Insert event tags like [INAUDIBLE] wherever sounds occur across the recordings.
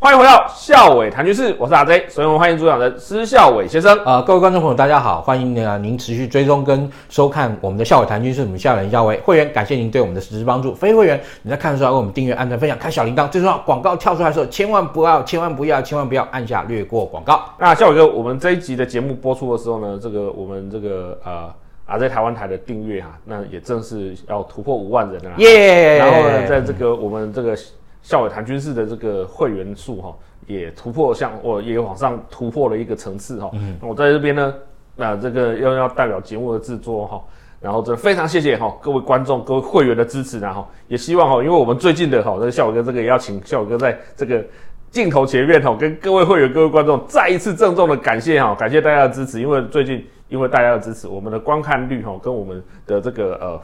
歡迎回到孝瑋談軍事，我是大 J，所以我們歡迎主講人施孝瑋先生啊、呃，各位觀眾朋友，大家好，歡迎、呃、您持續追蹤跟收看我們的孝瑋談軍事，我們校人孝瑋會員，感謝您對我們的實質幫助，非會員，你在看的時候，我們訂閱、按讚、分享、開小鈴鐺，最重要廣告跳出來的時候，千萬不要、千萬不要、千萬不要按下略過廣告。那、啊、孝瑋哥，我們這一集的節目播出的時候呢，這個我們這個呃啊，在台灣台的訂閱啊，那也正是要突破五萬人了、啊，耶！Yeah! 然後呢，在這個、嗯、我們這個。孝瑋談軍事的這個會員數哈、啊，也突破，像、哦、我也往上突破了一個層次哈、啊。嗯,嗯，我在這邊呢，那、呃、這個又要代表節目的制作哈、啊，然後這非常謝謝哈、啊、各位觀眾、各位會員的支持、啊，然後也希望哈、啊，因為我們最近的哈、啊，這個孝瑋哥這個也要請孝瑋哥在這個鏡頭前面哈、啊，跟各位會員、各位觀眾再一次鄭重的感謝哈、啊，感謝大家的支持，因為最近因為大家的支持，我們的觀看率哈、啊、跟我們的這個呃。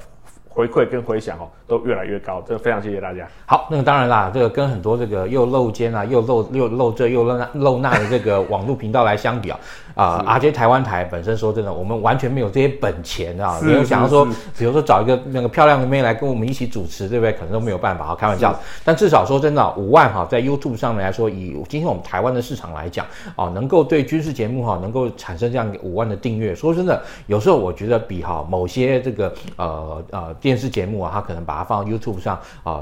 回饋跟回響哦，都越來越高，這個非常謝謝大家。好，那個、當然啦，這個跟很多這個又露肩啊，又露又露這又露露那的這個網絡頻道來相比啊。 [LAUGHS] 啊，而且、呃、是台灣台本身說真的，我們完全沒有這些本錢啊，沒是有想到說，比如說找一個那個漂亮的妹來跟我們一起主持，對不對？可能都沒有辦法，是開玩笑。是但至少說真的、啊，五萬哈、啊，在 YouTube 上面來說，以今天我們台灣的市場來講，啊，能夠對軍事節目哈、啊，能夠產生這樣一個五萬的訂閱，說真的，有時候我覺得比哈、啊、某些這個呃呃電視節目啊，它可能把它放到 YouTube 上，呃、啊，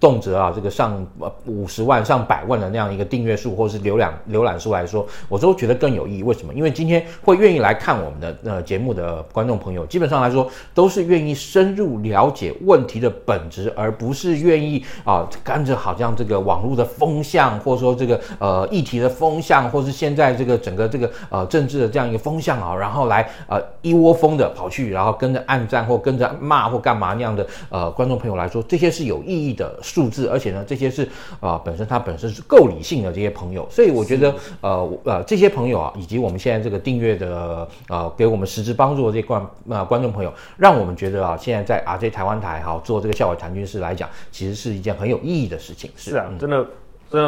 動輒啊這個上五十萬、上百萬的那樣一個訂閱數或是瀏覽瀏覽數來說，我都覺得更有意義。為什麼？因為今天會願意來看我們的呃節目的觀眾朋友，基本上來說都是願意深入了解問題的本質，而不是願意啊、呃、跟着好像這個網絡的風向，或者說這個呃議題的風向，或是現在這個整個這個呃政治的這樣一個風向啊，然後來呃一窩蜂的跑去，然後跟着按讚，或跟着罵或幹嘛那樣的呃觀眾朋友來說，這些是有意義的數字，而且呢，這些是啊、呃、本身它本身是夠理性的這些朋友，所以我覺得是呃呃這些朋友啊，以及我們。現在這個訂閱的呃，給我們實質幫助的這些觀呃觀眾朋友，讓我們覺得啊，現在在啊，這台灣台哈、啊、做這個孝瑋談軍事來講，其實是一件很有意義的事情。是，是啊，嗯、真的。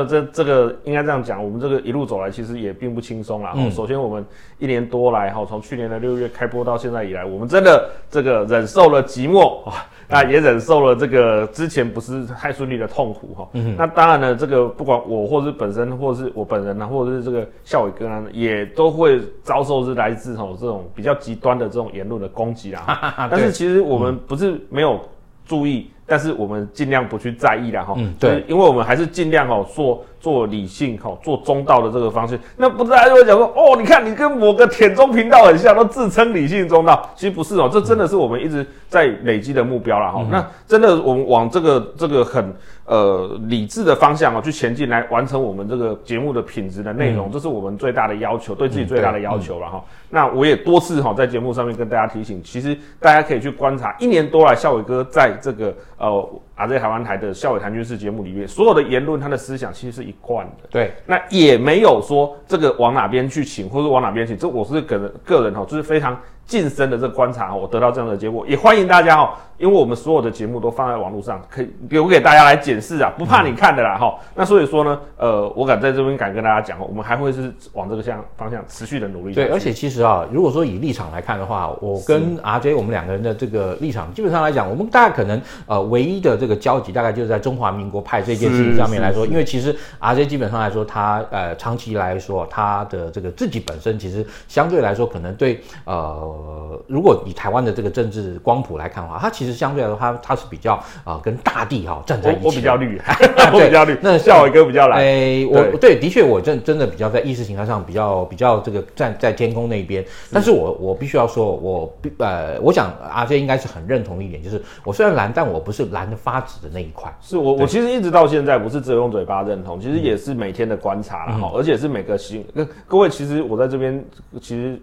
真的，這這個應該這樣講，我們這個一路走來，其實也並不輕鬆啦。嗯、首先，我們一年多來哈，從去年的六月開播到現在以來，我們真的這個忍受了寂寞啊，那、嗯、也忍受了這個之前不是太順利的痛苦哈。嗯、哼那當然呢，這個不管我或是本身，或是我本人呢，或者是這個孝瑋哥呢，也都會遭受是來自吼這種比較極端的這種言論的攻擊啦。哈哈哈哈，但是其實我們不是沒有注意。嗯但是我們盡量不去在意了哈，對，因為我們還是盡量哦、喔、做。做理性哈，做中道的這個方式。那不知道就會講說哦，你看你跟某個舔中頻道很像，都自稱理性中道，其實不是哦、喔，這真的是我們一直在累積的目標了哈。嗯、那真的我們往這個這個很呃理智的方向哦、喔、去前進，來完成我們這個節目的品質的內容，嗯、這是我們最大的要求，對自己最大的要求了哈。嗯嗯、那我也多次哈、喔、在節目上面跟大家提醒，其實大家可以去觀察，一年多來，孝瑋哥在這個呃阿這台灣台的孝瑋談軍事節目裡面，所有的言論，他的思想其實是一。慣的，對，那也沒有說這個往哪邊去請，或是往哪邊請，這我是個人個人哈，就是非常。近身的這個觀察，我得到這樣的結果，也歡迎大家哦，因為我們所有的節目都放在網絡上，可以留給大家來檢視啊，不怕你看的啦哈。嗯、那所以說呢，呃，我敢在這邊敢跟大家講，我們還會是往這個向方向持續的努力。對，而且其實啊，如果說以立場來看的話，我跟 RJ 我們兩個人的這個立場，是基本上來講，我們大概可能呃唯一的這個交集，大概就是在中華民國派這件事情上面來說，是是是因為其實 RJ 基本上來說，他呃長期來說，他的這個自己本身，其實相對來說可能對呃。呃，如果以台灣的這個政治光譜來看的話，它其實相對來說它，它它是比較啊、呃，跟大地哈、喔、站在一起我。我比較綠， [LAUGHS] 對我比較綠。那孝瑋哥比較藍。哎、欸，對我對，的確，我真的真的比較在意識形態上比較比較這個站在天空那邊。但是我我必須要說我，我呃，我想阿杰、啊、應該是很認同一點，就是我雖然藍，但我不是藍的發紫的那一塊。是我對我其實一直到現在不是只有用嘴巴認同，其實也是每天的觀察哈、嗯，而且是每個星、嗯、各位，其實我在這邊其實。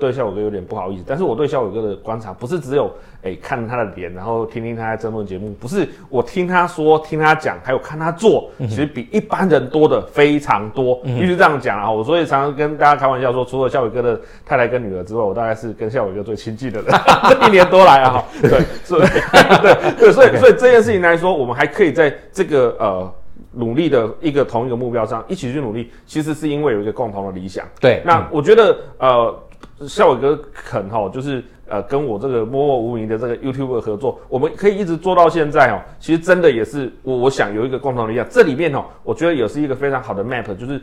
對孝瑋哥有點不好意思，但是我對孝瑋哥的觀察不是只有誒、欸、看他的臉，然後聽聽他在爭論節目，不是我聽他說、聽他講，還有看他做，其實比一般人多的非常多。一直、嗯、哼這樣講啊，我所以常常跟大家開玩笑說，除了孝瑋哥的太太跟女兒之外，我大概是跟孝瑋哥最親近的人。這 [LAUGHS] [LAUGHS] 一年多來啊， [LAUGHS] 對，所以對 [LAUGHS] 對，對對 Okay. 所以所以這件事情來說，我們還可以在這個呃努力的一個同一個目標上一起去努力，其實是因為有一個共同的理想。對，那、嗯、我覺得呃。孝瑋哥肯吼、喔、就是呃，跟我這個默默無名的這個 YouTuber 合作，我們可以一直做到現在哦、喔。其實真的也是我，我想有一個共同的理想。這裡面哦、喔，我覺得也是一個非常好的 map，就是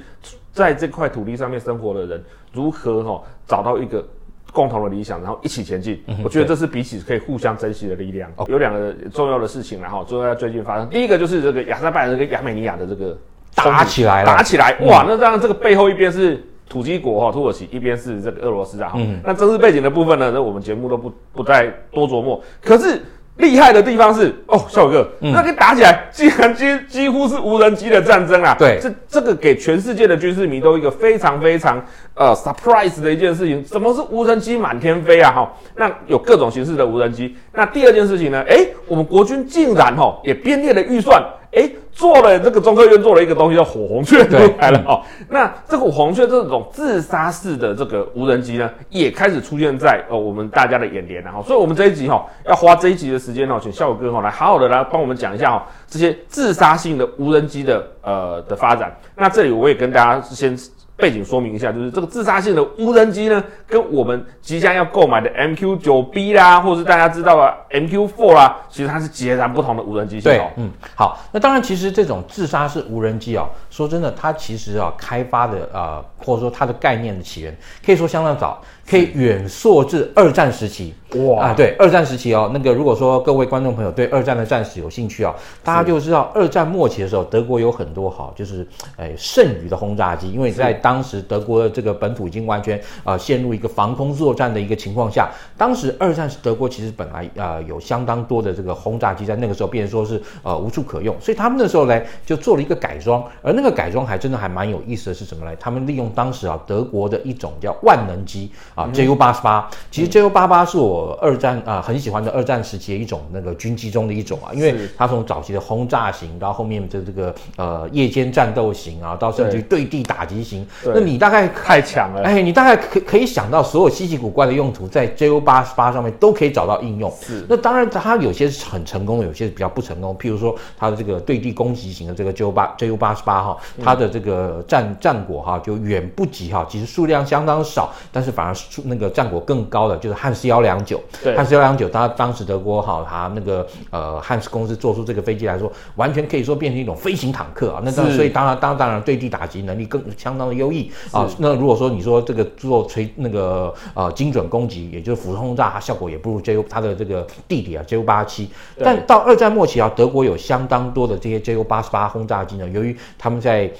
在這塊土地上面生活的人如何吼、喔、找到一個共同的理想，然後一起前進。我覺得這是彼此可以互相珍惜的力量。有兩個重要的事情然後就在最近發生，第一個就是這個亞塞拜然跟亞美尼亞的這個,的這個打起來了，打起來哇！嗯、那這樣這個背後一邊是。土耳國哈、哦、土耳其一邊是這個俄羅斯啊，嗯，那政治背景的部分呢，那我們節目都不不再多琢磨。可是厲害的地方是哦，小哥，嗯、那給打起來，竟然幾幾乎是無人機的戰爭啊！對，這這個給全世界的軍事迷都一個非常非常呃 surprise 的一件事情，什麼是無人機滿天飛啊，啊？哈，那有各種形式的無人機。那第二件事情呢？誒我們國軍竟然吼、哦、也編列了預算，誒做了這個中科院做了一個東西叫火紅雀出對來了、嗯、哦，那這個火紅雀這種自殺式的這個無人機呢，也開始出現在呃我們大家的眼簾了哈、哦，所以我們這一集哈、哦、要花這一集的時間呢、哦，請孝瑋哥哈、哦、來好好的來幫我們講一下哈、哦、這些自殺性的無人機的呃的發展，那這裡我也跟大家先。背景說明一下，就是這個自殺式的無人機呢，跟我們即將要購買的 MQ 九 B 啦，或者是大家知道的 MQ 4啦，其實它是截然不同的無人機系統。對嗯，好，那當然，其實這種自殺式無人機哦，說真的，它其實啊，開發的啊、呃，或者說它的概念的起源，可以說相當早，可以遠溯至二戰時期。哇、嗯，啊，對，二戰時期哦，那個如果說各位觀眾朋友對二戰的戰史有興趣啊、哦，大家就知道二戰末期的時候，德國有很多好、哦，就是哎剩餘的轟炸機，因為在當時德國的這個本土已經完全呃陷入一個防空作戰的一個情況下，當時二戰時德國其實本來呃有相當多的這個轟炸機在，在那個時候變成說是呃無處可用，所以他們那時候呢就做了一個改裝，而那個改裝還真的還蠻有意思的是什麼呢？他們利用當時啊德國的一種叫萬能機啊 Ju 八十八，嗯、88, 其實 Ju 八十八是我二戰啊、呃、很喜歡的二戰時期的一種那個軍機中的一種啊，因為它從早期的轟炸型到後面的這個呃夜間戰鬥型啊，到甚至於對地打擊型。那你大概太強了。哎、欸，你大概可以可以想到所有稀奇古怪的用途，在 Ju 88上面都可以找到應用。是。那當然，它有些是很成功的，有些是比較不成功。譬如說，它的這個對地攻擊型的這個 Ju 8 Ju 88哈，它的這個戰戰果哈就遠不及哈，其實數量相當少，但是反而是那個戰果更高的就是漢斯幺兩九。對。漢斯幺兩九，他當時德國哈它那個呃漢斯公司做出這個飛機來說，完全可以說變成一種飛行坦克啊。那個，是所以當然，當當然對地打擊能力更相當的優。是啊，那如果說你說這個做垂那個呃精準攻擊，也就是俯衝轟炸，它效果也不如 JU，它的這個弟弟啊 JU 八七，87，但到二戰末期啊，對德國有相當多的這些 JU 八十八轟炸機呢，由於他們在。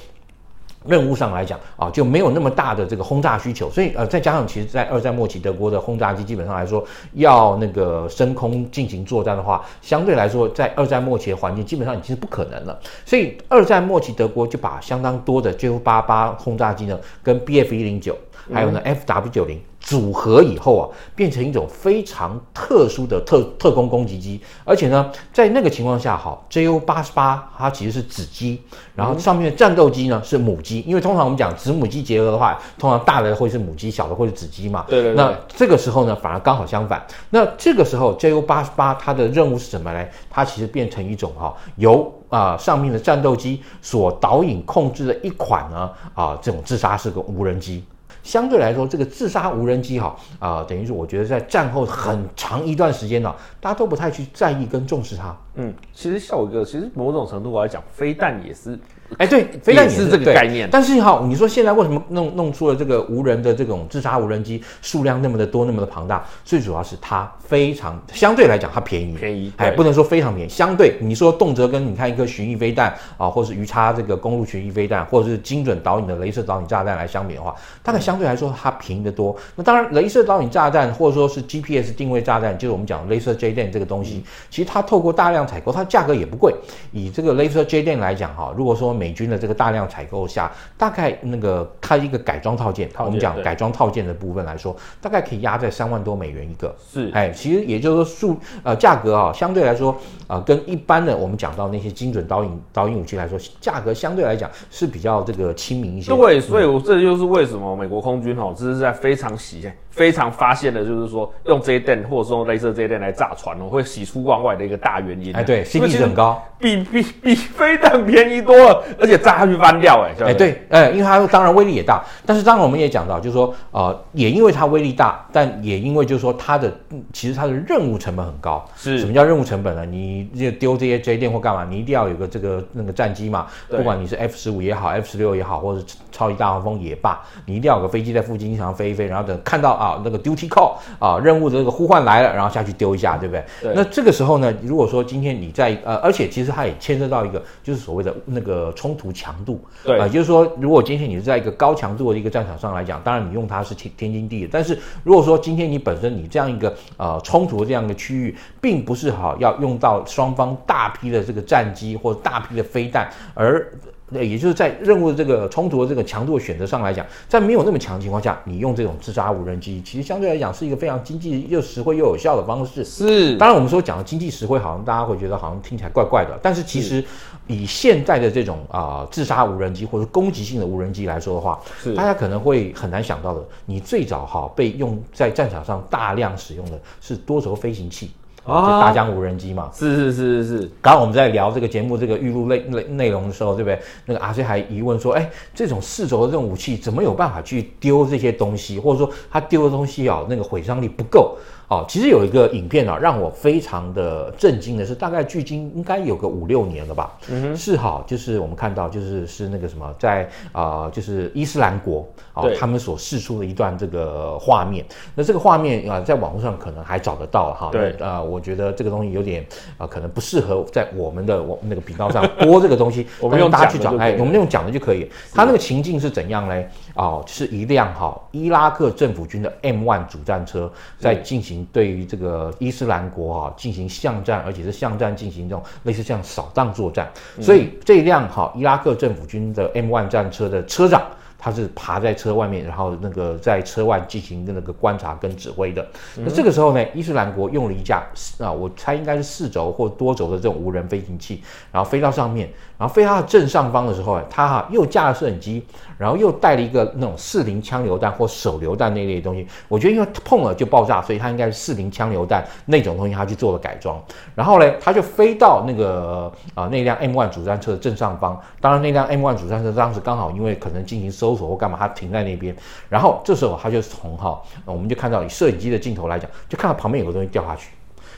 任務上來講啊，就沒有那麼大的這個轟炸需求，所以呃，再加上其實在二戰末期德國的轟炸機基本上來說，要那個升空進行作戰的話，相對來說在二戰末期的環境基本上已經是不可能了。所以二戰末期德國就把相當多的 Ju 八八轟炸機呢，跟 BF 一零九，還有呢 FW 九零。組合以後啊，變成一種非常特殊的特,特攻攻擊機，而且呢，在那個情況下，哈，JU 八十八它其實是子機，然後上面的戰鬥機呢是母機，因為通常我們講子母機結合的話，通常大的會是母機，小的會是子機嘛。對,對對。那這個時候呢，反而剛好相反。那這個時候 JU 八十八它的任務是什麼呢？它其實變成一種哈、啊，由啊、呃、上面的戰鬥機所導引控制的一款呢啊、呃、這種自殺式的無人機。相對來說，這個自殺無人機哈啊、呃，等於是我覺得在戰後很長一段時間呢，嗯、大家都不太去在意跟重視它。嗯，其實孝瑋哥，其實某種程度我來講，飛彈也是。哎，對，飛彈也是這個概念。但是哈，你說現在為什麼弄弄出了這個無人的這種自殺無人機，數量那麼的多，那麼的龐大？最主要是它非常相對來講，它便宜。便宜，哎，不能說非常便宜。相對你說動輒跟你看一顆巡弋飛彈啊，或是魚叉這個公路巡弋飛彈，或者是精準導引的鐳射導引炸彈來相比的話，大概相對來說它便宜得多。嗯、那當然，鐳射導引炸彈或者說是 GPS 定位炸彈，就是我們講鐳射 J 彈這個東西，嗯、其實它透過大量採購，它價格也不貴。以這個鐳射 J 彈來講哈，如果說美軍的這個大量採購下，大概那個它一個改裝套件，套件我們講改裝套件的部分來說，大概可以壓在三萬多美元一個。是，哎，其實也就是說，數呃價格啊，相對來說啊、呃，跟一般的我們講到那些精準導引導引武器來說，價格相對來講是比較這個親民一些。對，嗯、所以，我這就是為什麼美國空軍哦，這是在非常喜非常發現的，就是說用這 d a 或者說類似這 d a 來炸船，哦，會喜出望外的一個大原因。哎，對，心價很高，比比比飛彈便宜多了。而且炸它就翻掉哎、欸叫對 欸，對，欸、因為它當然威力也大，但是當然我們也講到，就是說，呃，也因為它威力大，但也因為就是說它的其實它的任務成本很高。是什麼叫任務成本呢？你丟這些 J 電或幹嘛？你一定要有個這個那個戰機嘛，對 不管你是 F 十五也好，F 十六也好，或者。超級大黃蜂也罷，你一定要有個飛機在附近經常飛一飛，然後等看到啊那個 duty call 啊任務的這個呼喚來了，然後下去丟一下，對不對？對那這個時候呢，如果說今天你在呃，而且其實它也牽涉到一個，就是所謂的那個衝突強度，對啊，呃、就是說如果今天你是在一個高強度的一個戰場上來講，當然你用它是天天經地義。但是如果說今天你本身你這樣一個呃衝突的這樣一個區域，並不是好、啊、要用到雙方大批的這個戰機或者大批的飛彈而。那也就是在任務的這個衝突的這個強度的選擇上來講，在沒有那麼強的情況下，你用這種自殺無人機，其實相對來講是一個非常經濟又實惠又有效的方式。是，當然我們說講的經濟實惠，好像大家會覺得好像聽起來怪怪的。但是其實，以現在的這種啊是、呃、自殺無人機或者攻擊性的無人機來說的話，是大家可能會很難想到的，你最早哈被用在戰場上大量使用的是多軸飛行器。啊，哦、就大疆無人機嘛，是是是是是。剛剛我們在聊這個節目這個預錄內內內容的時候，對不對？那個阿衰還疑問說，哎，這種四軸的這種武器，怎麼有辦法去丟這些東西？或者說，他丟的東西啊、哦，那個毀傷力不夠。哦，其實有一個影片啊，讓我非常的震驚的是，大概距今應該有個五六年了吧，嗯哼，是哈，就是我們看到就是是那個什麼，在啊、呃，就是伊斯蘭國啊，哦、對他們所釋出的一段這個畫面。那這個畫面啊、呃，在網絡上可能還找得到哈。對啊、呃，我覺得這個東西有點啊、呃，可能不適合在我們的我那個頻道上播這個東西， [LAUGHS] 我們用大家去找，哎，我們用講的就可以。啊、他那個情境是怎樣嘞？哦，就是一輛哈、哦、伊拉克政府軍的 M1 主戰車在進行對於這個伊斯蘭國哈進、嗯、行巷戰，而且是巷戰進行這種類似像掃蕩作戰，嗯、所以這輛哈、哦、伊拉克政府軍的 M1 戰車的車長。他是爬在車外面，然後那個在車外進行那個觀察跟指揮的。那這個時候呢，伊斯蘭國用了一架啊，我猜應該是四軸或多軸的這種無人飛行器，然後飛到上面，然後飛到正上方的時候，他哈又架了攝影機，然後又帶了一個那種四零槍榴彈或手榴彈那類的東西。我覺得因為碰了就爆炸，所以它應該是四零槍榴彈那種東西，他去做了改裝。然後嘞，他就飛到那個啊、呃、那輛 M1 主戰車的正上方。當然，那輛 M1 主戰車當時剛好因為可能進行搜搜索或幹嘛，它停在那邊，然後這時候它就是紅號，我們就看到以攝影機的鏡頭來講，就看到旁邊有個東西掉下去，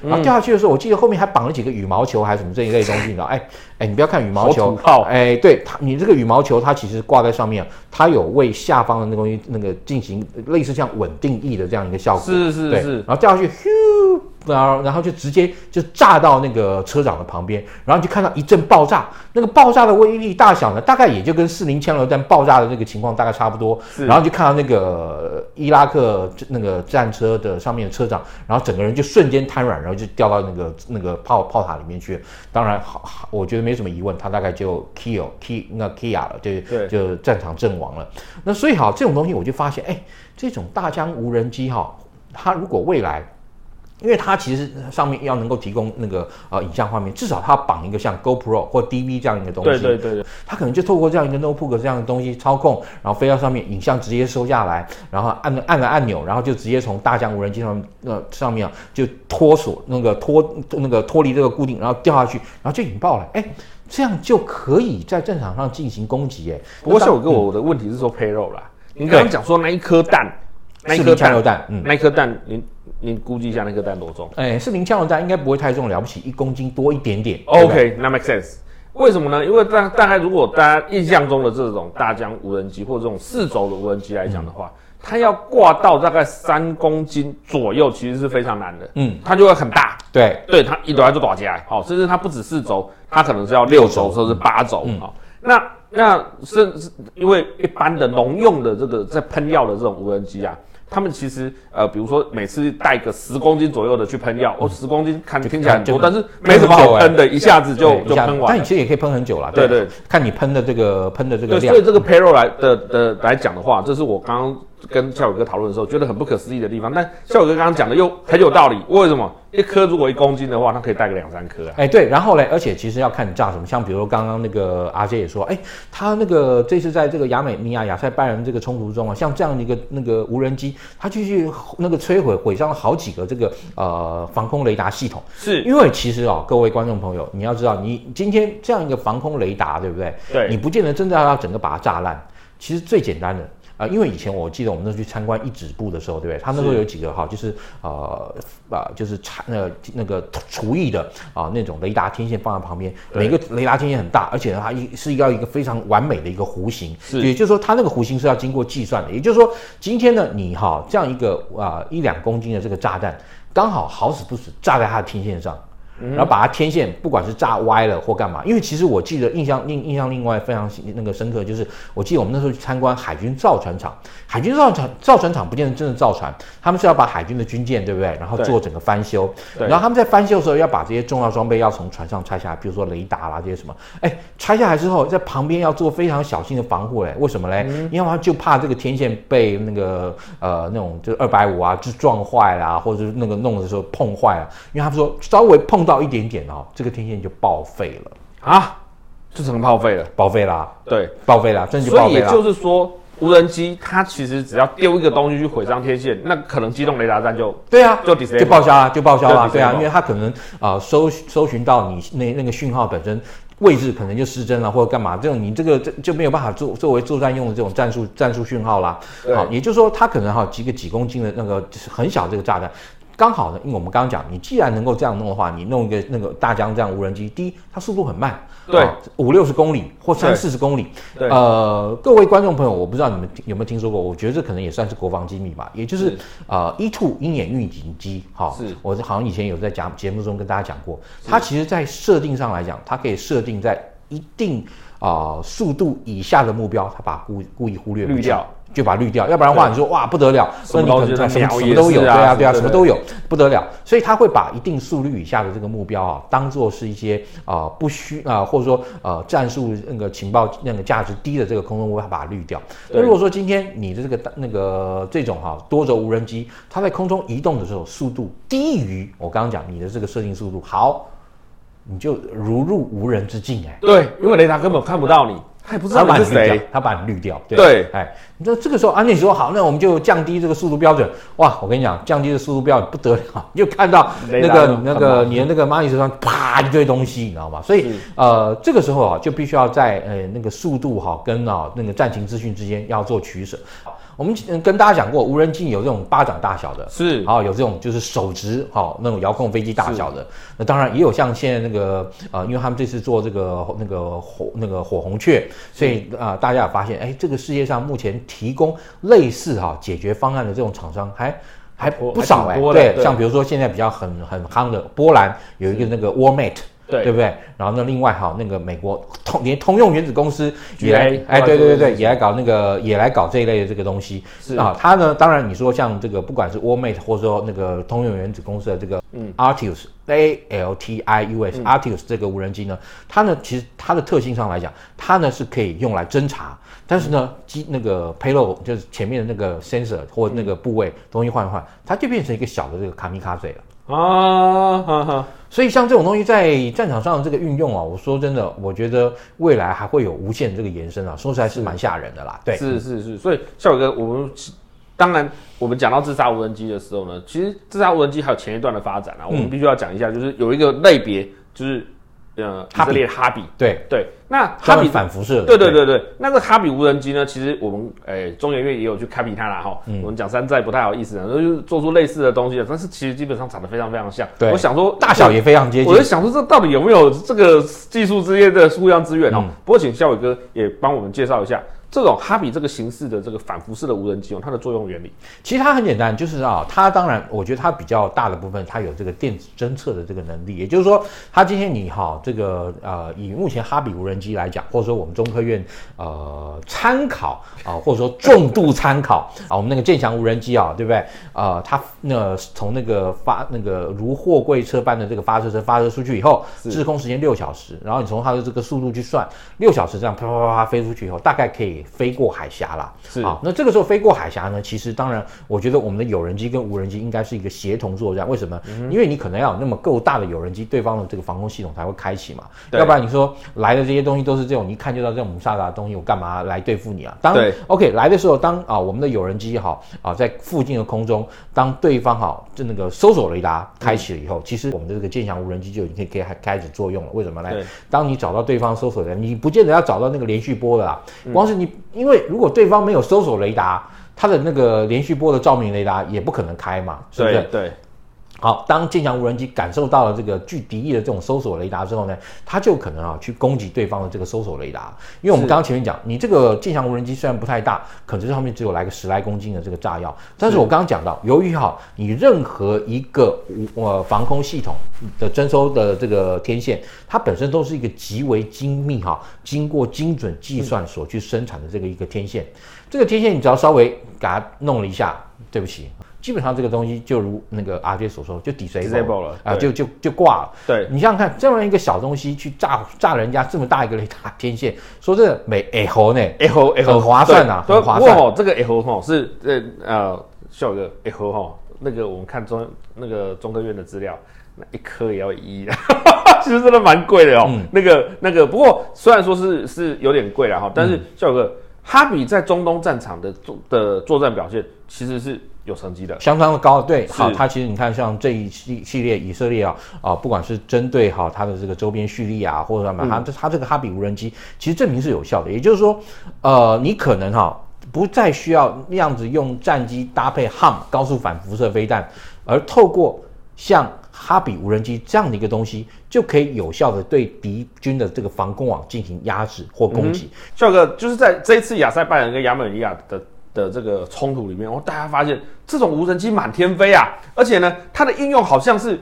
然後掉下去的時候，嗯、我記得後面還綁了幾個羽毛球還是什麼這一類東西，你知道？哎哎，你不要看羽毛球，哎，對它，你這個羽毛球它其實掛在上面，它有為下方的那東、個、西那個進行類似像穩定翼的這樣一個效果，是是是，是然後掉下去，然後，然後就直接就炸到那個車長的旁邊，然後就看到一陣爆炸，那個爆炸的威力大小呢，大概也就跟四零槍榴彈爆炸的那個情況大概差不多。是然後就看到那個伊拉克那個戰車的上面的車長，然後整個人就瞬間癱軟，然後就掉到那個那個炮炮塔裡面去。當然，好，好，我覺得沒什麼疑問，他大概就 kill kill 那 kill 了，就對就戰場陣亡了。那所以好，這種東西我就發現，哎，這種大疆無人機哈，它如果未來。因為它其實上面要能夠提供那個呃影像畫面，至少它綁一個像 GoPro 或 DV 這樣一個東西，對，對對對，它可能就透過這樣一個 Notebook 這樣的東西操控，然後飛到上面，影像直接收下來，然後按按個按鈕，然後就直接從大疆無人機上呃，上面、啊、就脫鎖，那個脫那個脫離這個固定，然後掉下去，然後就引爆了，哎、欸，這樣就可以在戰場上進行攻擊、欸，哎。不過大，我跟、嗯、我的問題是說 payload 啦，你剛剛講說那一顆彈。那顆槍榴彈，嗯，那顆彈，您您估計一下那顆彈多重？哎、欸，四零槍榴彈，應該不會太重，了不起一公斤多一點點。OK，對對那 make sense？為什麼呢？因為大大概如果大家印象中的這種大疆無人機或這種四軸的無人機來講的話，嗯、它要掛到大概三公斤左右，其實是非常難的。嗯，它就會很大，對對，它一抖就抖起來。好、喔，甚至它不止四軸，它可能是要六軸或者是八軸。好、嗯喔，那那是，是因為一般的農用的這個在噴藥的這種無人機啊。他們其實呃，比如說每次帶個十公斤左右的去噴藥，哦，十公斤看就聽起來很多，但是沒什麼好噴的，欸、一下子就、欸、就噴完。但你其實也可以噴很久啦，對，對對，看你噴的這個噴的這個量。對，所以對這個 Pero 來、嗯、的的，的來講的話，這是我剛剛跟孝瑋哥討論的時候，覺得很不可思議的地方，但孝瑋哥剛剛講的又很有道理。為什麼？一顆如果一公斤的話，那可以帶個兩三顆啊。哎、欸，對，然後嘞，而且其實要看你炸什麼。像比如剛剛那個阿杰也說，哎、欸，他那個這次在這個亞美尼亞、亞塞拜然這個衝突中啊，像這樣的一個那個無人機，他繼續那個摧毀，毀傷了好幾個這個呃防空雷達系統。是因為其實啊、哦，各位觀眾朋友，你要知道，你今天這樣一個防空雷達，對不對？對，你不見得真的要整個把它炸爛。其實最簡單的。啊，因為以前我記得我們那時候去參觀一指部的時候，對不對？他那時候有幾個哈，就是呃啊，就是產那個那個除役的啊，那種雷達天線放在旁邊，每個雷達天線很大，而且呢它一是要一個非常完美的一個弧形，是也就是說它那個弧形是要經過計算的。也就是說，今天呢，你哈這樣一個啊、呃、一兩公斤的這個炸彈，剛好好死不死炸在它的天線上。然後把它天線，不管是炸歪了或幹嘛，因為其實我記得印象印印象另外非常那個深刻，就是我記得我們那時候去參觀海軍造船廠，海軍造船造船廠不見得真的造船，他們是要把海軍的軍艦，對不對？然後做整個翻修，然後他們在翻修的時候要把這些重要裝備要從船上拆下來，比如說雷達啦這些什麼，哎，拆下來之後在旁邊要做非常小心的防護嘞，為什麼嘞？因為他就怕這個天線被那個呃那種就是二百五啊就撞壞了，或者是那個弄的時候碰壞了，因為他們說稍微碰。到一點點哦，這個天線就報廢了啊，就成報廢了，對報廢啦，對，報廢啦，這就報廢了。所以也就是說，無人機它其實只要丟一個東西去毀傷天線，那個、可能機動雷達站就對啊，就 des 就報銷了，就報銷了，銷了 des 對啊，因為它可能啊、呃、搜搜尋到你那那個訊號本身位置可能就失真了，或者幹嘛，這種你這個這就沒有辦法作作為作戰用的這種戰術戰術訊號啦。對好，也就是說，它可能哈幾個幾公斤的那個、就是、很小這個炸彈。剛好呢，因為我們剛、剛講，你既然能夠這樣弄的話，你弄一個那個大疆這樣無人機，第一它速度很慢，對，五六十公里或三四十公里。公里對，對呃，各位觀眾朋友，我不知道你們有沒有聽說過，我覺得這可能也算是國防機密吧。也就是啊，E-2 鷹眼預警機，哈、哦，是我是好像以前有在講節目中跟大家講過，它其實，在設定上來講，它可以設定在。一定啊、呃，速度以下的目標，他把故故意忽略掉，掉就把它濾掉。要不然的話，你說對哇不得了什得什什，什麼都有，對啊對啊，對啊什麼都有，對對對不得了。所以他會把一定速率以下的這個目標啊，當做是一些啊、呃、不需啊、呃，或者說呃戰術那個情報那個價值低的這個空中物，他把它濾掉。對那如果說今天你的這個那個這種哈、啊、多軸無人機，它在空中移動的時候速度低於我剛剛講你的這個設定速度，好。你就如入無人之境哎、欸，對，因為雷達根本看不到你，他也不知道你是誰，他把你，他把你濾掉。對，哎對，你知道這個時候，阿、啊、念說好，那我們就降低這個速度標準。哇，我跟你講，降低的速度標準不得了，你就看到那個達那個棒你的那個螞蟻身上啪一堆東西，你知道嗎？所以是呃，這個時候啊，就必須要在呃那個速度哈跟啊、呃、那個戰情資訊之間要做取舍。我們跟大家講過，無人機有這種巴掌大小的，是啊、哦，有這種就是手指好、哦、那種遙控飛機大小的。是那當然也有像現在那個啊、呃，因為他們這次做這個那個火那個火紅雀，所以啊是、呃，大家也發現，誒、哎、這個世界上目前提供類似哈、哦、解決方案的這種廠商還還不少哎。哦、對，對像比如說現在比較很很夯的波蘭有一個那個 War Mate。對，對不對？然後呢，另外哈，那個美國通連通用原子公司也來，哎，對對對對，也來搞那個，也來搞這一類的這個東西。是啊，它呢，當然你說像這個，不管是 Warmate 或者說那個通用原子公司的這個 Altius、嗯、A-L-T-I-U-S、嗯、Altius 這個無人機呢，它呢其實它的特性上來講，它呢是可以用來偵察，但是呢機、嗯、那個 payload 就是前面的那個 sensor 或那個部位、嗯、東西換一換，它就變成一個小的這個 kamikaze 了。啊，哈、啊、哈！啊、所以像這種東西在戰場上這個運用啊，我說真的，我覺得未來還會有無限這個延伸啊，說實在，是蠻嚇人的啦。是對，是是是。所以孝瑋哥，我們當然我們講到自殺無人機的時候呢，其實自殺無人機還有前一段的發展啊，我們必須要講一下，就是有一個類別就是。呃，以色列的哈比，對對，那哈比反輻射，對對對對，對對對，那個哈比無人機呢？其實我們誒、欸、中研院也有去開比它啦，哈、嗯，我們講山寨不太好意思，所就是、做出類似的東西了，但是其實基本上長得非常非常像。對，我想說大小也非常接近，我就想說這到底有沒有這個技術之間的互相支援呢？嗯、不過請孝瑋哥也幫我們介紹一下。這種哈比這個形式的這個反輻射的無人機，用它的作用原理，其實它很簡單，就是啊，它當然，我覺得它比較大的部分，它有這個電子偵測的這個能力，也就是說，它今天你哈、啊、這個呃，以目前哈比無人機來講，或者說我們中科院呃參考啊，或者說重度參考啊，我們那個劍翔無人機啊，對不對？呃，它那從那個發那個如貨櫃車般的這個發射車，車發射出去以後，滯空時間六小時，然後你從它的這個速度去算，六小時這樣啪啪啪啪飛出去以後，大概可以。飛過海峽啦，是啊，那這個時候飛過海峽呢？其實，當然，我覺得我們的有人機跟無人機應該是一個協同作戰。為什麼？嗯、哼因為你可能要有那麼夠大的有人機，對方的這個防空系統才會開啟嘛。對要不然你說來的這些東西都是這種，你一看就到這種烏紗達的東西，我幹嘛來對付你啊？當對 OK 來的時候，當啊我們的有人機哈啊在附近的空中，當對方哈、啊、就那個搜索雷達開啟了以後，嗯、其實我們的這個劍翔無人機就已經可以開始作用了。為什麼呢？來對當你找到對方搜索雷達，你不見得要找到那個連續波的啊，嗯、光是你。因為如果對方沒有搜索雷達，他的那個連續波的照明雷達也不可能開嘛，是不是？對。對好，當劍翔無人機感受到了這個具敵意的這種搜索雷達之後呢，它就可能啊去攻擊對方的這個搜索雷達。因為我們剛剛前面講，是你這個劍翔無人機雖然不太大，可是這上面只有來個十來公斤的這個炸藥。但是我剛剛講到，是由於哈你任何一個無呃防空系統的徵收的這個天線，它本身都是一個極為精密哈、啊，經過精準計算所去生產的這個一個天線。嗯、這個天線你只要稍微給它弄了一下，對不起。基本上這個東西就如那個阿杰所說，就抵水了啊，就就就掛了。對你想想看，這樣一個小東西去炸炸人家這麼大一個雷達天線，說真的，美吼呢，L 很划算啊，很划算。不過哦，這個吼吼，是呃呃，笑個吼吼，那個我們看中那個中科院的資料，那一顆也要一億，其實真的蠻貴的哦。那個那個，不過雖然說是是有點貴了哈，但是笑個哈比在中東戰場的作的作戰表現，其實是。有成績的，相當的高。對，是好，它其實你看，像這一系系列以色列啊啊、呃，不管是針對好、啊、它的這個周邊敘利亞或者什麼，嗯、它這它這個哈比無人機其實證明是有效的。也就是說，呃，你可能哈、啊、不再需要那樣子用戰機搭配 HARM 高速反輻射飛彈，而透過像哈比無人機這樣的一個東西，就可以有效地對敵軍的這個防空網進行壓制或攻擊。這個、嗯、就是在這一次亞塞拜然跟亞美尼亞的。的這個衝突裡面，我、哦、大家發現這種無人機滿天飛啊，而且呢，它的應用好像是。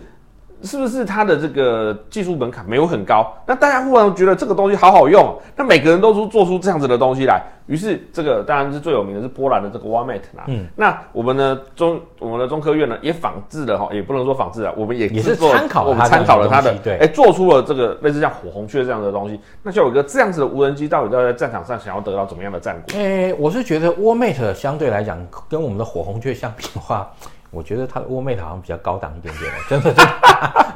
是不是它的這個技術門檻沒有很高？那大家忽然覺得這個東西好好用，那每個人都做做出這樣子的東西來，於是這個當然是最有名的是波蘭的這個 Warmate、嗯、那我們呢中我們的中科院呢也仿製了哈，也不能說仿製啊，我們也也是參考我們參考了它的對、欸，做出了這個類似像火紅雀這樣的東西。那就有一個這樣子的無人機，到底要在戰場上想要得到怎麼樣的戰果？哎、欸，我是覺得 Warmate 相對來講跟我們的火紅雀相比的話。我覺得它的 Warmate 好像比較高檔一點點，哎、真的，真的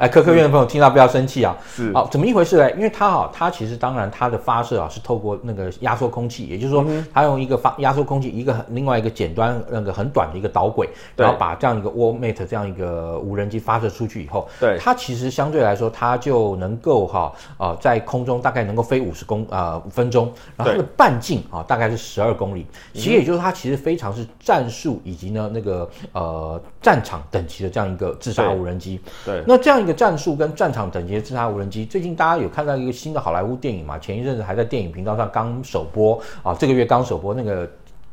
[LAUGHS] 哎，科科院的朋友聽到不要生氣啊。是，好、哦，怎麼一回事呢？因為它哈，它其實當然它的發射啊是透過那個壓縮空氣，也就是說它用一個發壓縮空氣一個另外一個簡短那個很短的一個導軌，然後把這樣一個 Warmate 對這樣一個無人機發射出去以後，對，它其實相對來說它就能夠哈啊、呃、在空中大概能夠飛五十公啊五、呃、分鐘，然後它的半徑啊大概是十二公里，對其實也就是它其實非常是戰術以及呢那個呃。戰場等級的這樣一個自殺無人機，對，那這樣一個戰術跟戰場等級的自殺無人機，最近大家有看到一個新的好萊塢電影嗎？前一陣子還在電影頻道上剛首播啊，這個月剛首播那個。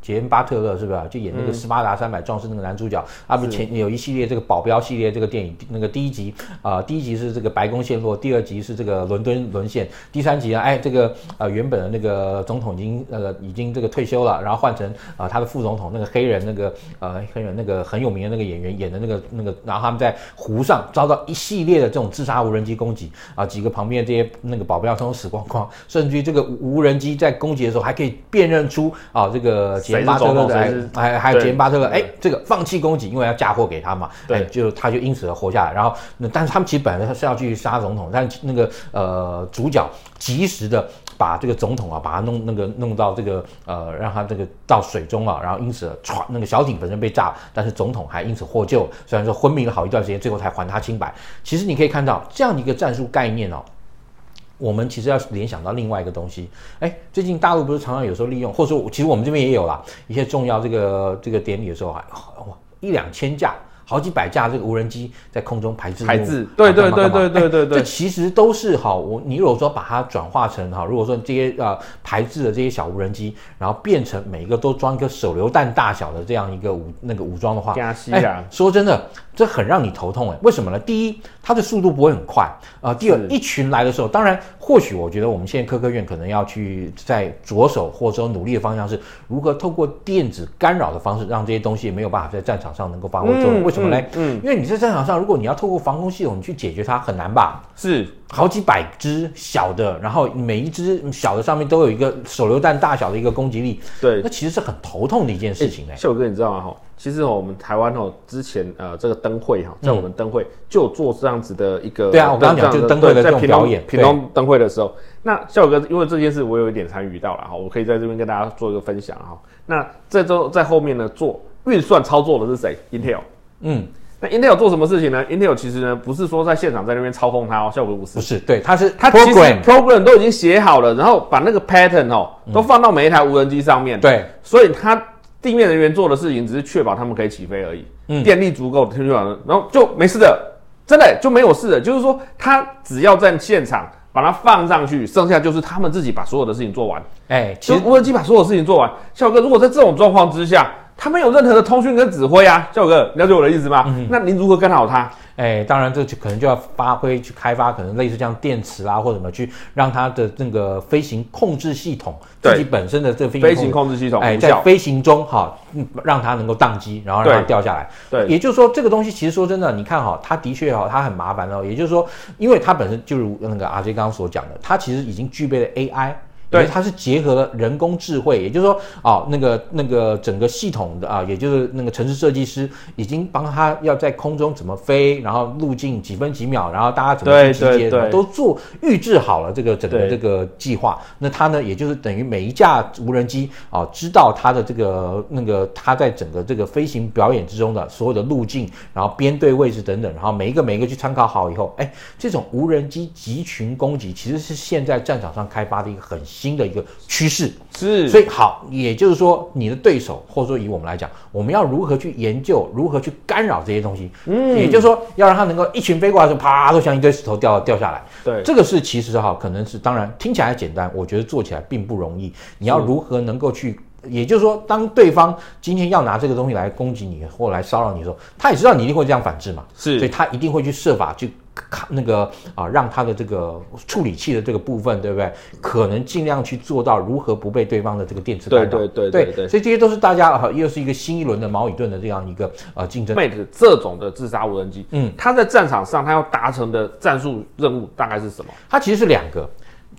傑恩·巴特勒是不是、啊、就演那個《斯巴達三百壯士》那個男主角他們、嗯、前有一系列這個保鏢系列這個電影，是那個第一集啊、呃，第一集是這個白宮陷落，第二集是這個倫敦淪陷，陷，陷，第三集啊，哎，這個呃原本的那個總統已經那個、呃、已經這個退休了，然後換成啊、呃、他的副總統，那個黑人那個呃黑人那個很有名的那個演員演的那個那個，然後他們在湖上遭到一系列的這種自殺無人機攻擊啊、呃，幾個旁邊這些那個保鏢都死光光，甚至於這個無人機在攻擊的時候還可以辨認出啊、呃、這個傑恩。巴特勒，還還有傑恩巴特勒，哎、嗯，這個放棄攻擊，因為要嫁禍給他嘛，哎，就他就因此而活下來。然後，但是他們其實本來是要去殺總統，但是那個呃主角及時的把這個總統啊，把他弄那個弄到這個呃，讓他這個到水中啊，然後因此、呃、那個小艇本身被炸，但是總統還因此獲救，雖然說昏迷了好一段時間，最後才還他清白。其實你可以看到這樣一個戰術概念哦。我們其實要聯想到另外一個東西，哎，最近大陸不是常常有時候利用，或者說，其實我們這邊也有啦，一些重要這個這個典禮的時候啊，一兩千架。好幾百架這個無人機在空中排字排字，對對對對對對對、哎，這其實都是哈，我你如果說把它轉化成哈，如果說這些呃排字的這些小無人機，然後變成每一個都裝一個手榴彈大小的這樣一個武那個武裝的話，加啊、哎。說真的，這很讓你頭痛誒。為什麼呢？第一，它的速度不會很快啊、呃；第二，是一群來的時候，當然。或許我覺得我們現在科科院，可能要去在着手或者說努力的方向，是如何透過電子干擾的方式，讓這些東西沒有辦法在戰場上能夠發揮作用。嗯，為什麼呢？嗯，嗯，因為你在戰場上，如果你要透過防空系統，你去解決它，很難吧？是。好幾百只小的，然後每一只小的上面都有一個手榴彈大小的一個攻擊力，對，那其實是很頭痛的一件事情哎、欸。欸、孝瑋哥，你知道嗎？哈，其實哦，我們台灣哦，之前呃，這個燈會哈，在我們燈會就有做這樣子的一個，嗯、對啊，我剛剛講對就燈會的這種表演，屏東燈會的時候，對那孝瑋哥，因為這件事我有一點參與到了哈，我可以在這邊跟大家做一個分享哈。那這周在後面呢做運算操作的是誰？Intel，嗯。Intel 嗯那 Intel 做什麼事情呢？Intel 其實呢，不是說在現場在那邊操控它哦，孝瑋哥，不是，不是，對，它是它其實 program 都已經寫好了，然後把那個 pattern 哦都放到每一台無人機上面。對、嗯，所以他地面人員做的事情只是確保他們可以起飛而已，嗯，電力足夠，天氣好，然後就沒事的，真的就沒有事的，就是說他只要在現場把它放上去，剩下就是他們自己把所有的事情做完。誒、欸，其實無人機把所有的事情做完，孝瑋哥，如果在這種狀況之下。他沒有任何的通訊跟指揮啊，孝瑋哥，你了解我的意思嗎？嗯哼，那您如何干擾他？哎、欸，當然這就可能就要發揮去開發，可能類似像電池啦、啊，或者什麼去讓它的那個飛行控制系統，對自己本身的這飛行飛行控制系統，哎、欸，效在飛行中哈，嗯，讓它能夠宕機，然後讓它掉下來。對，也就是說這個東西其實說真的，你看哈，他的確哈，他很麻煩的、哦。也就是說，因為它本身就如那個阿杰剛剛所講的，它其實已經具備了 AI。對，因為它是結合了人工智慧，也就是說，啊、哦，那個那個整個系統的啊，也就是那個程式設計師已經幫他要在空中怎麼飛，然後路徑幾分幾秒，然後大家怎麼去銜接，對對對都做預製好了這個整個這個計劃。對那它呢，也就是等於每一架無人機啊，知道它的這個那個它在整個這個飛行表演之中的所有的路徑，然後編隊位置等等，然後每一個每一個去參考好以後，哎，這種無人機集群攻擊其實是現在戰場上開發的一個很。新的一個趨勢是，所以好，也就是說，你的對手或者說以我們來講，我們要如何去研究，如何去干擾這些東西？嗯，也就是說，要讓他能夠一群飛過來的時候，啪，就像一堆石頭掉掉下來。對，這個是其實哈，可能是當然聽起來簡單，我覺得做起來並不容易。你要如何能夠去？是也就是說，當對方今天要拿這個東西來攻擊你或來騷擾你的時候，他也知道你一定會這樣反制嘛？是，所以他一定會去設法去。那個啊、呃，讓它的這個處理器的這個部分，對不對？可能儘量去做到如何不被對方的這個電磁干擾。對對對，對，對，對，對所以這些都是大家哈、啊，又是一個新一輪的矛與盾的這樣一個呃競爭。被這種的自殺無人機，嗯，它在戰場上它要達成的戰術任務大概是什麼？它其實是兩個，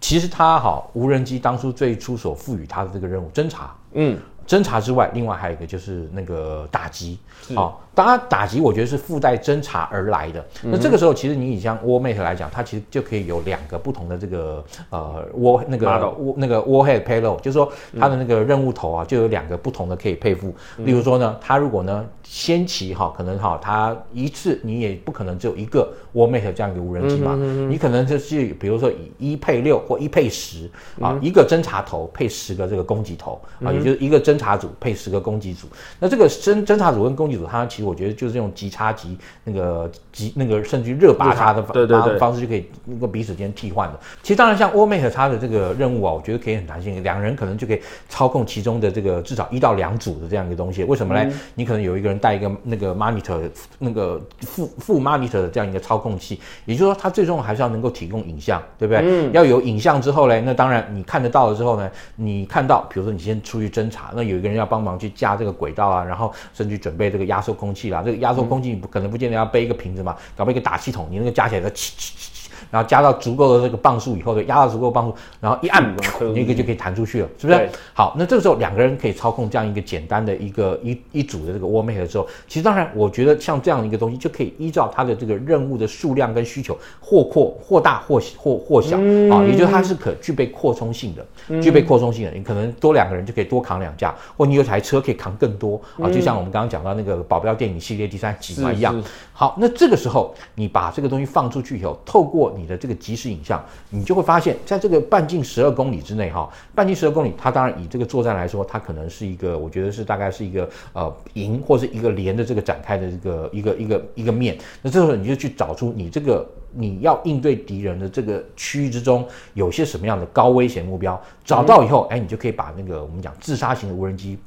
其實它哈、哦、無人機當初最初所賦予它的這個任務，偵查，嗯，偵查之外，另外還有一個就是那個打擊啊。是哦當然打擊，打我覺得是附帶偵察而來的。那這個時候，其實你以像 Warmate 來講，它其實就可以有兩個不同的這個呃 War，那個 Model. 那個 Warhead Payload，就是說它的那個任務頭啊，嗯、就有兩個不同的可以配付。比如說呢，它如果呢先期哈，可能哈它一次你也不可能只有一個 Warmate 這樣一個無人機嘛，嗯嗯嗯嗯，你可能就是比如說以一配六或一配十啊，嗯、一個偵察頭配十個這個攻擊頭啊，也就是一個偵察組配十個攻擊組、嗯嗯啊、組、組。那這個偵偵察組跟攻擊組，它其實我覺得就是用極差極那個極、那個、那個甚至於熱拔插的方方式，就可以能夠彼此間替換的。其實當然像 Omate 它的這個任務啊，我覺得可以很彈性，兩人可能就可以操控其中的這個至少一到兩組的這樣一個東西。為什麼呢？嗯、你可能有一個人帶一個那個 Monitor 那個副副 Monitor 這樣一個操控器，也就是說它最終還是要能夠提供影像，對不對？嗯、要有影像之後呢，那當然你看得到了之後呢，你看到比如說你先出去偵查，那有一個人要幫忙去架這個軌道啊，然後甚至準備這個壓縮工。空氣啦，這個壓縮空氣，你不可能不見得要背一個瓶子嘛，搞不好一個打氣筒，你那個加起來咳咳咳咳，七然後加到足夠的這個磅數以後就壓到足夠的磅數，然後一按，嗯、噗那個就可以彈出去了，是不是？嗯、好，那這個時候，兩個人可以操控這樣一個簡單的一個一一組的這個 Warmate 的時候，其實當然，我覺得像這樣一個東西就可以依照它的這個任務的數量跟需求，或擴或大或或或小、嗯、啊，也就是它是可具備擴充性的，嗯、具備擴充性的，你可能多兩個人就可以多扛兩架，或你有台車可以扛更多、嗯、啊，就像我們剛剛講到那個保鏢電影系列第三集一樣。好，那這個時候你把這個東西放出去以後，透過你的這個即時影像，你就會發現，在這個半徑十二公里之內，哈，半徑十二公里，它當然以這個作戰來說，它可能是一個，我覺得是大概是一個呃營或是一個連的這個展開的這個一個一個一個面。那這時候你就去找出你這個你要應對敵人的這個區域之中，有些什麼樣的高危險目標，找到以後，欸，你就可以把那個我們講自殺型的無人機。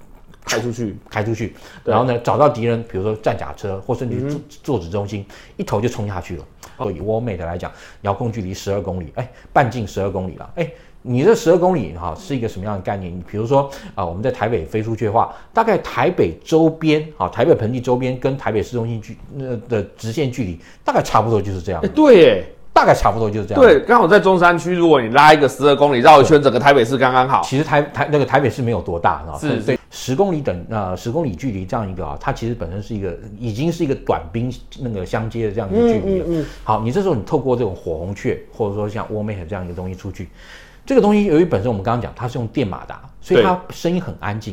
開出去，開出去，然後呢，找到敵人，比如說戰甲車，或甚至坐、嗯、哼坐姿中心，一頭就衝下去了。所以，War Mate 來講，遙控距離十二公里，誒，半徑十二公里了，誒，你這十二公里哈、哦、是一個什麼樣的概念？你比如說啊、呃，我們在台北飛出去的話，大概台北周邊啊、哦，台北盆地周邊跟台北市中心距那、呃、的直線距離大概差不多就是這樣。對。大概差不多就是這樣。對，剛好在中山區，如果你拉一個十二公里繞一圈，對整個台北市剛剛好。其實台台那個台北市沒有多大啊，是，十公里等那十、呃、十公里距離這樣一個、啊，它其實本身是一個已經是一個短兵那個相接的這樣一個距離了。嗯嗯嗯、好，你這時候你透過這種火紅雀，或者說像 Warmate、這樣一個東西出去，這個東西由於本身我們剛剛講它是用電馬達，所以它聲音很安靜。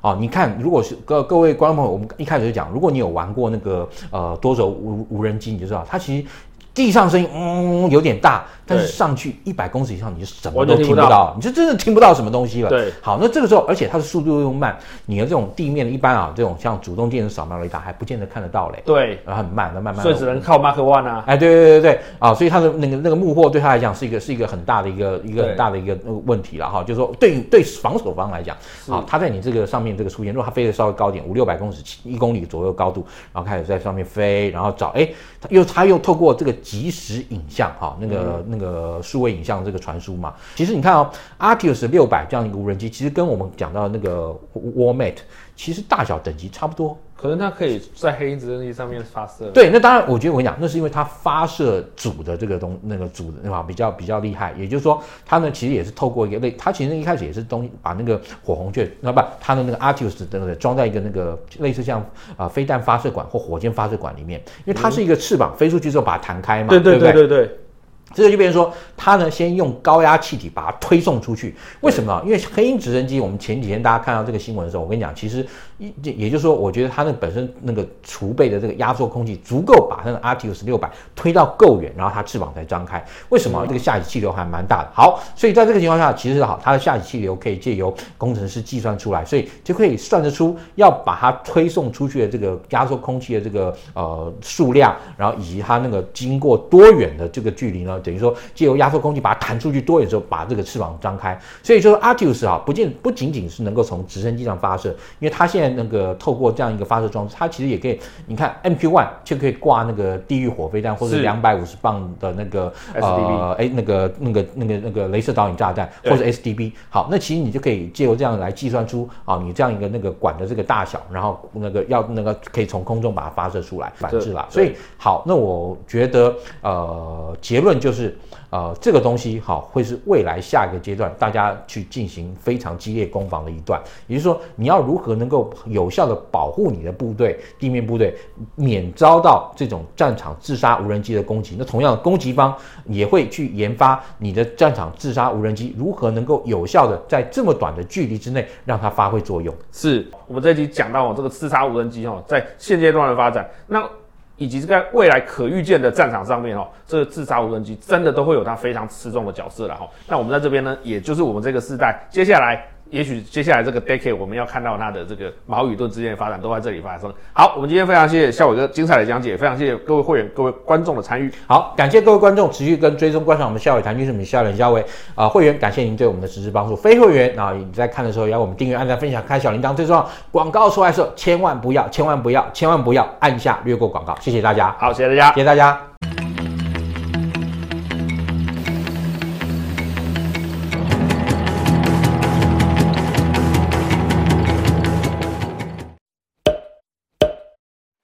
啊對、哦、你看，如果是各各位觀眾朋友，我們一開始就講，如果你有玩過那個呃多軸無無人機，你就知道它其實。地上聲音嗯有點大，但是上去一百公尺以上你就什麼都聽不到，不到你就真的聽不到什麼東西了。對，好，那這個時候，而且它的速度又慢，你的這種地面一般啊，這種像主動電子掃描雷達還不見得看得到嘞。對，然後很慢，它慢慢。所以只能靠 Mark One 啊、嗯。哎，對對對對啊、哦，所以它的那個那個幕後對他來講是一個是一個很大的一個對一個很大的一個問題了哈、哦，就是說對對防守方來講啊，他是、哦、在你這個上面這個出現，如果他飛得稍微高點，五六百公尺，一公里左右高度，然後開始在上面飛，然後找哎，又他又透過這個。即時影像，哈，那個那個數位影像這個傳輸嘛，其實你看哦，Arduos 六百這樣一個無人機，其實跟我們講到的那個 Warmate。其實大小等級差不多，可能它可以在黑鷹直升機上面發射。對，那當然，我覺得我跟你講，那是因為它發射組的這個東那個組的哈比較比較，比較厲害。也就是說，它呢其實也是透過一個類，它其實一開始也是東西把那個火紅雀那不它的那個 Artus 的那個裝在一個那個類似像啊、呃、飛彈發射管或火箭發射管裡面，因為它是一個翅膀，嗯、飛出去之後把它彈開嘛，對，對，對，對，對，對不對？這就變成說，它呢，先用高壓氣體把它推送出去。為什麼？因為黑鷹直升機，我們前幾天大家看到這個新聞的時候，我跟你講，其實。這也就是說，我覺得它那個本身那個儲備的這個壓縮空氣足夠把那個阿提烏斯六百推到夠遠，然後它翅膀，才張開。為什麼？這個下洗氣流還蠻大的。好，所以在這個情況下，其實好，它的下洗氣流可以借由工程師計算出來，所以就可以算得出要把它推送出去的這個壓縮空氣的這個呃數量，然後以及它那個經過多遠的這個距離呢？等於說借由壓縮空氣把它彈出去多遠之後，把這個翅膀張開。所以就是阿提烏斯啊，不僅不僅僅是能夠從直升機上發射，因為它現在。那個透過這樣一個發射裝置，它其實也可以，你看 M Q one 就可以掛那個地獄火飛彈，或者兩百五十磅的那個是呃哎 S D B、欸、那個那個那個那個雷射導引炸彈，或者 S D B。對好，那其實你就可以借由這樣來計算出啊，你這樣一個那個管的這個大小，然後那個要那個可以從空中把它發射出來，是反制啦。對所以好，那我覺得呃結論就是。呃，這個東西好，會是未來下一個階段大家去進行非常激烈攻防的一段。也就是說，你要如何能夠有效的保護你的部隊、地面部隊，免遭到這種戰場自殺無人機的攻擊？那同樣的攻擊方也會去研發你的戰場自殺無人機如何能夠有效的在這麼短的距離之內讓它發揮作用？是我們這集講到哦，這個自殺無人機哦，在現階段的發展那。以及在未來可預見的戰場上面哦，這個自殺無人機真的都會有它非常吃重的角色啦、哦。那我們在這邊呢，也就是我們這個世代接下來。也許接下來這個 decade 我們要看到它的這個矛與盾之間的發展都在這裡發生。好，我們今天非常謝謝孝瑋哥精彩的講解，非常謝謝各位會員、各位觀眾的參與。好，感謝各位觀眾持續跟追蹤觀賞我們孝瑋談軍事，我是孝瑋。啊、呃，會員感謝您對我們的實質幫助。非會員啊、呃，你在看的時候要我們訂閱、按讚、分享、開小鈴鐺，最重要廣告出來的時候千萬不要、千萬不要、千萬不要按下略過廣告，謝謝大家。好，謝謝大家，謝謝大家。